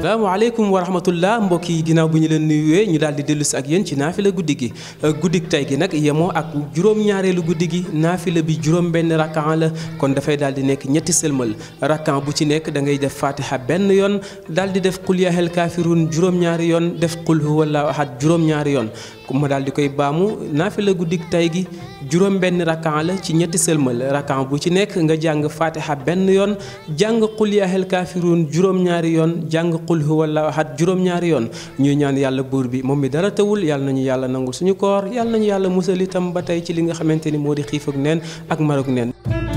salaamaaleykum wa rahmatullah mbokk yi ginnaaw bi ñu leen nuyuwee ñu daal di dellusi ak yéen ci naafila guddi gi euh, guddik tey gi nag yemoo ak juróom-ñaareelu guddi gi naafila bi juróom benn rakkan la kon dafay daal di nekk ñetti sëlmal rakkan bu ci nekk dangay def fatiha benn yoon daal di def qul yaa kaafiruun juróom-ñaari yoon def qul huwallaahu ahad juróom-ñaari yoon ku ma daal di koy baamu naafila guddik tey gi juróom benn rakkan la ci ñetti sëlmal rakkan bu ci nekk nga jàng fatiha benn yoon jàng qul yaa ayyuhal kaafiruun juróom-ñaari yoon jàng qul huwallaahu ahad juróom-ñaari yoon ñuy ñaan yàlla buur bi moom mi dara tawul yàlla na ñu yàlla nangu suñu koor yàlla nañu yàlla musal itam ba tey ci li nga xamante ni moo di xiif ak neen ak marok neen